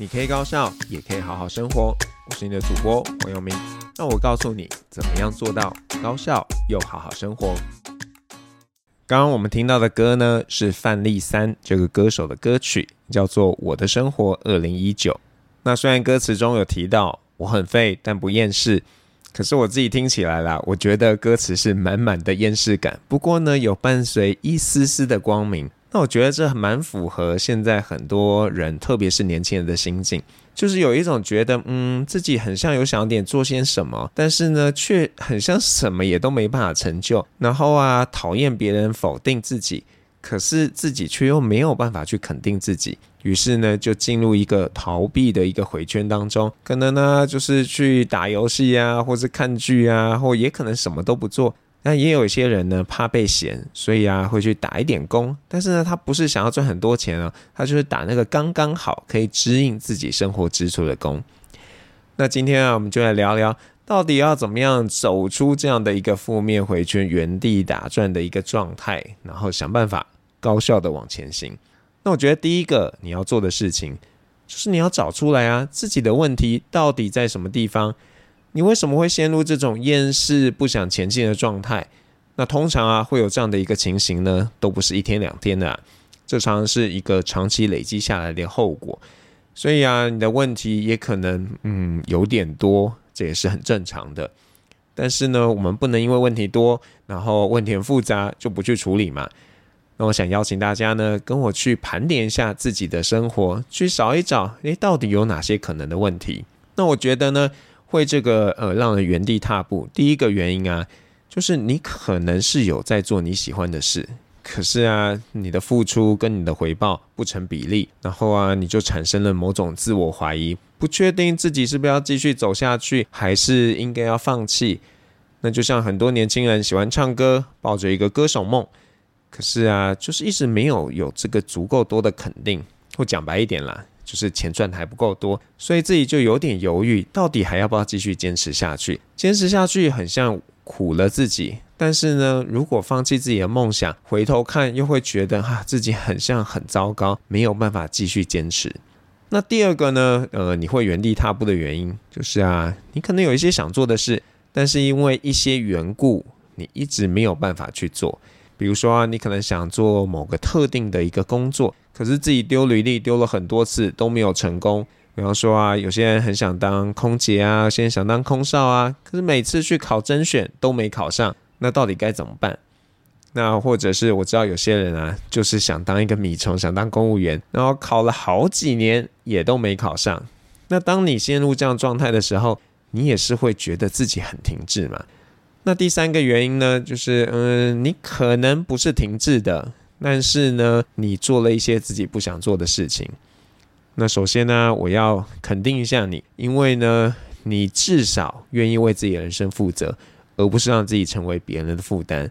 你可以高效，也可以好好生活。我是你的主播黃友明，那我告訴你怎麼樣做到高效又好好生活。剛剛我們聽到的歌呢，是范麗三這個歌手的歌曲，叫做《我的生活二零一九》。那雖然歌詞中有提到我很廢，但不厭世。可是我自己聽起來啦，我覺得歌詞是滿滿的厭世感。不過呢，有伴隨一絲絲的光明。那我覺得這蠻符合現在很多人，特別是年輕人的心境，就是有一種覺得，嗯，自己很像有想點做些什麼，但是呢，卻很像什麼也都沒辦法成就。然後啊，討厭別人否定自己，可是自己卻又沒有辦法去肯定自己，於是呢，就進入一個逃避的一個回圈當中，可能呢，就是去打遊戲啊，或是看劇啊，或也可能什麼都不做。那也有一些人呢，怕被嫌，所以啊，會去打一點工。但是呢，他不是想要賺很多錢啊、喔，他就是打那個剛剛好可以支應自己生活支出的工。那今天啊，我們就來聊聊，到底要怎麼樣走出這樣的一個負面回圈，原地打轉的一個狀態，然後想辦法高效的往前行。那我覺得第一個你要做的事情，就是你要找出來啊，自己的問題到底在什麼地方。你為什麼會陷入這種厭世、不想前進的狀態？那通常啊，會有這樣的一個情形呢，都不是一天兩天的啊，這常常是一個長期累積下來的後果。所以啊，你的問題也可能嗯有點多，這也是很正常的。但是呢，我們不能因為問題多，然後問題很複雜就不去處理嘛。那我想邀請大家呢，跟我去盤點一下自己的生活，去找一找誒，到底有哪些可能的問題？那我覺得呢。會這個呃讓人原地踏步。第一個原因啊，就是你可能是有在做你喜歡的事，可是啊，你的付出跟你的回報不成比例，然後啊，你就產生了某種自我懷疑，不確定自己是不是要繼續走下去，還是應該要放棄。那就像很多年輕人喜歡唱歌，抱着一個歌手夢，可是啊，就是一直沒有有這個足夠多的肯定。或講白一點啦。就是錢賺的還不夠多，所以自己就有點猶豫，到底還要不要繼續堅持下去？堅持下去很像苦了自己，但是呢，如果放棄自己的夢想，回頭看又會覺得哈、啊，自己很像很糟糕，沒有辦法繼續堅持。那第二個呢？呃，你會原地踏步的原因就是啊，你可能有一些想做的事，但是因為一些緣故，你一直沒有辦法去做。比如說、啊，你可能想做某個特定的一個工作。可是自己丟履歷丟了很多次都沒有成功，比方說啊，有些人很想當空姐啊，現在想當空少啊，可是每次去考甄選都沒考上，那到底該怎麼辦？那或者是我知道有些人啊，就是想當一個米蟲，想當公務員，然後考了好幾年也都沒考上。那當你陷入這樣狀態的時候，你也是會覺得自己很停滯嘛。那第三個原因呢，就是嗯，你可能不是停滯的。但是呢，你做了一些自己不想做的事情。那首先呢、啊，我要肯定一下你，因為呢，你至少願意為自己人生負責，而不是讓自己成為別人的負擔。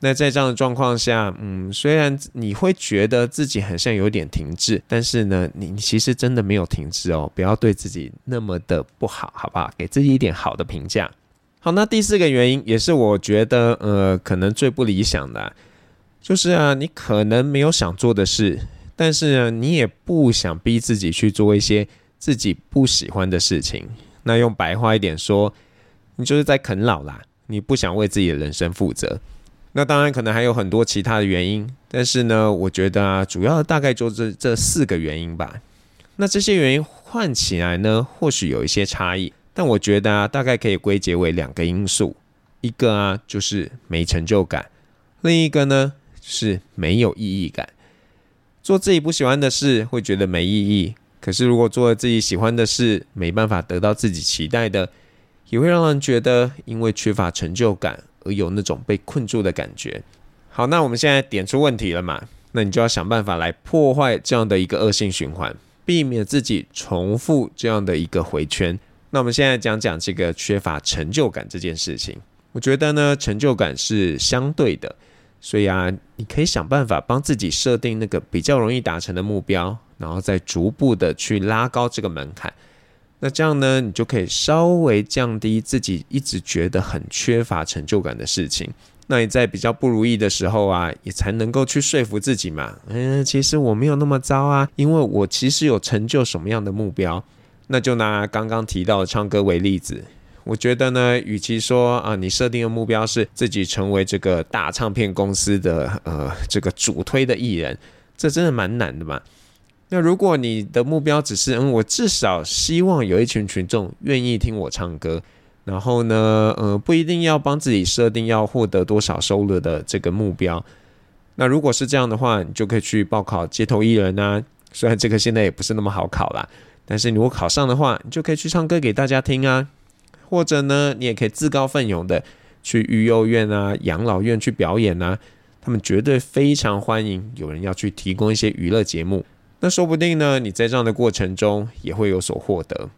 那在這樣的狀況下，嗯，雖然你會覺得自己好像有點停滯，但是呢，你其實真的沒有停滯哦。不要對自己那麼的不好，好不好？給自己一點好的評價。好，那第四個原因，也是我覺得呃，可能最不理想的、啊。就是啊，你可能沒有想做的事，但是呢，你也不想逼自己去做一些自己不喜歡的事情。那用白話一點說，你就是在啃老啦，你不想為自己的人生負責。那當然可能還有很多其他的原因，但是呢，我覺得啊，主要的大概就這這四個原因吧。那這些原因換起來呢，或許有一些差異，但我覺得啊，大概可以歸結為兩個因素：一個啊，就是沒成就感，另一個呢。是沒有意義感，做自己不喜歡的事會覺得沒意義。可是如果做了自己喜歡的事，沒辦法得到自己期待的，也會讓人覺得因為缺乏成就感而有那種被困住的感覺。好，那我們現在點出問題了嘛，那你就要想辦法來破壞這樣的一個惡性循環，避免自己重複這樣的一個回圈。那我們現在講講這個缺乏成就感這件事情。我覺得呢，成就感是相對的。所以啊，你可以想辦法幫自己設定那個比較容易達成的目標，然後再逐步的去拉高這個門檻。那這樣呢，你就可以稍微降低自己一直覺得很缺乏成就感的事情。那你在比較不如意的時候啊，也才能夠去說服自己嘛。嗯，其實我沒有那麼糟啊，因為我其實有成就什麼樣的目標。那就拿剛剛提到的唱歌為例子。我覺得呢，與其說啊，你設定的目標是自己成為這個大唱片公司的呃這個主推的藝人，這真的蠻難的嘛。那如果你的目標只是嗯，我至少希望有一群群眾願意聽我唱歌，然後呢，呃，不一定要幫自己設定要獲得多少收入的這個目標。那如果是這樣的話，你就可以去報考街頭藝人啊。雖然這個現在也不是那麼好考啦，但是你如果考上的話，你就可以去唱歌給大家聽啊。或者呢，你也可以自告奮勇的去育幼院啊、養老院去表演啊，他們絕對非常歡迎有人要去提供一些娛樂節目。那說不定呢，你在這樣的過程中也會有所獲得。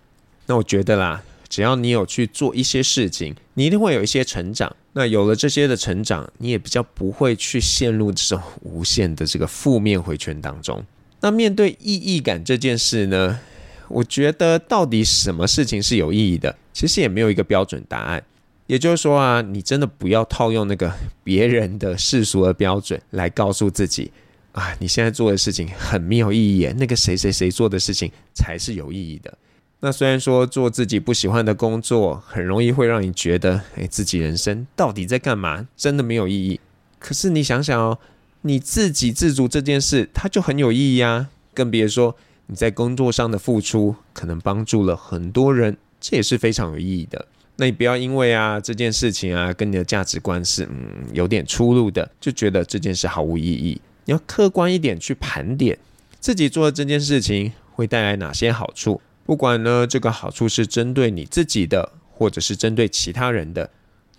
那我覺得啦，只要你有去做一些事情，你一定會有一些成長。那有了這些的成長，你也比較不會去陷入這種無限的這個負面回圈當中。那面對意義感這件事呢，我覺得到底什麼事情是有意義的？其實也沒有一個標準答案，也就是說啊，你真的不要套用那個別人的世俗的標準來告訴自己啊，你現在做的事情很沒有意義，那個誰誰誰做的事情才是有意義的。那雖然說做自己不喜歡的工作，很容易會讓你覺得，誒、哎，自己人生到底在幹嘛，真的沒有意義。可是你想想哦，你自給自足這件事，它就很有意義啊。更別說你在工作上的付出，可能幫助了很多人。這也是非常有意義的。那你不要因為啊這件事情啊跟你的價值觀是嗯，有點出入的，就覺得這件事毫無意義。你要客觀一點去盤點自己做的這件事情會帶來哪些好處，不管呢這個好處是針對你自己的，或者是針對其他人的。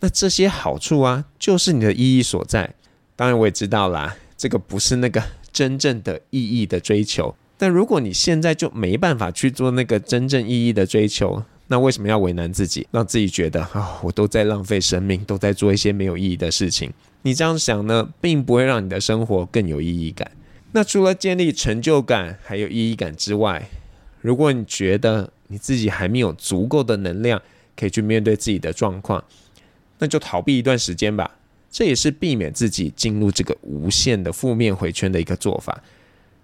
那這些好處啊，就是你的意義所在。當然我也知道啦，這個不是那個真正的意義的追求。但如果你現在就沒辦法去做那個真正意義的追求，那為什麼要為難自己，讓自己覺得啊、哦，我都在浪費生命，都在做一些沒有意義的事情？你這樣想呢，並不會讓你的生活更有意義感。那除了建立成就感還有意義感之外，如果你覺得你自己還沒有足夠的能量可以去面對自己的狀況，那就逃避一段時間吧。這也是避免自己進入這個無限的負面回圈的一個做法。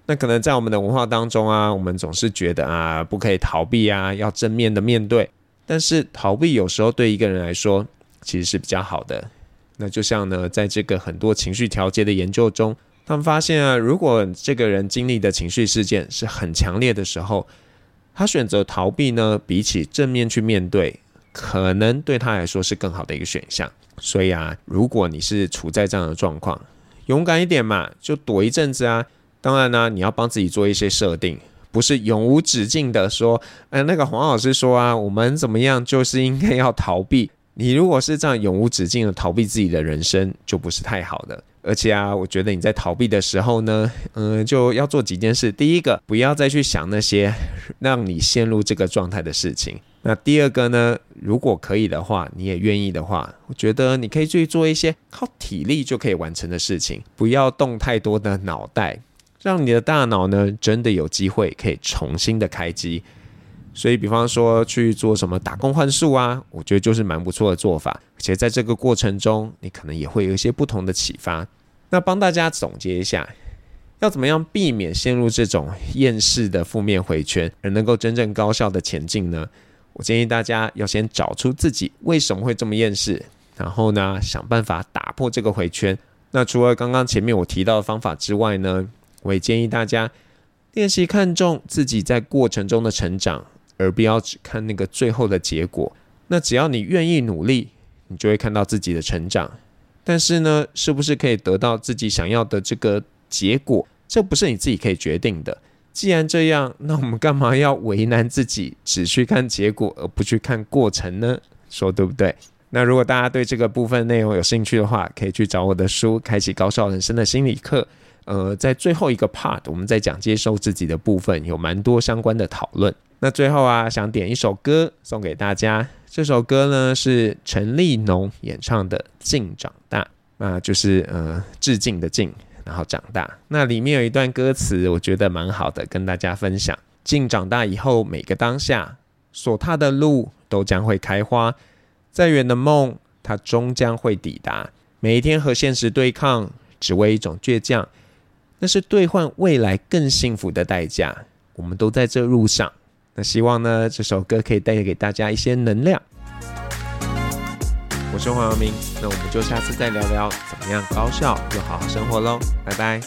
那可能在我們的文化當中啊，我們總是覺得啊，不可以逃避啊，要正面的面對。但是逃避有時候對一個人來說其實是比較好的。那就像呢，在這個很多情緒調節的研究中，他們發現啊，如果這個人經歷的情緒事件是很強烈的時候，他選擇逃避呢，比起正面去面對，可能對他來說是更好的一個選項。所以啊，如果你是處在這樣的狀況，勇敢一點嘛，就躲一陣子啊。當然呢，你要幫自己做一些設定，不是永無止境的說。哎，那個黃老師說啊，我們怎麼樣就是應該要逃避。你如果是這樣永無止境的逃避自己的人生，就不是太好的。而且啊，我覺得你在逃避的時候呢，嗯，就要做幾件事。第一個，不要再去想那些讓你陷入這個狀態的事情。那第二個呢，如果可以的話，你也願意的話，我覺得你可以去做一些靠體力就可以完成的事情，不要動太多的腦袋。讓你的大腦呢，真的有機會可以重新的開機。所以，比方說去做什麼打工換宿啊，我覺得就是蠻不錯的做法。而且在這個過程中，你可能也會有一些不同的啟發。那幫大家總結一下，要怎麼樣避免陷入這種厭世的負面迴圈，而能夠真正高效的前進呢？我建議大家要先找出自己為什麼會這麼厭世，然後呢，想辦法打破這個迴圈。那除了剛剛前面我提到的方法之外呢，我也建議大家練習看重自己在過程中的成長，而不要只看那個最後的結果。那只要你願意努力，你就會看到自己的成長。但是呢，是不是可以得到自己想要的這個結果，這不是你自己可以決定的。既然這樣，那我們幹嘛要為難自己，只去看結果而不去看過程呢？說對不對？那如果大家對這個部分內容有興趣的話，可以去找我的書《開啟高效人生的心理課》。呃，在最後一個 part，我們在講接受自己的部分，有蠻多相關的討論。那最後啊，想點一首歌送給大家。這首歌呢是陳立農演唱的《敬長大》，那、呃、就是呃，致敬的敬，然後長大。那裡面有一段歌詞，我覺得蠻好的，跟大家分享。敬長大以後，每個當下，所踏的路都將會開花，再遠的夢，它終將會抵達。每一天和現實對抗，只為一種倔強。那是兌換未來更幸福的代價，我們都在這路上。那希望呢，這首歌可以帶給大家一些能量。 我是黃揚名，那我們就下次再聊聊怎麼樣高效又好好生活嘍，拜拜。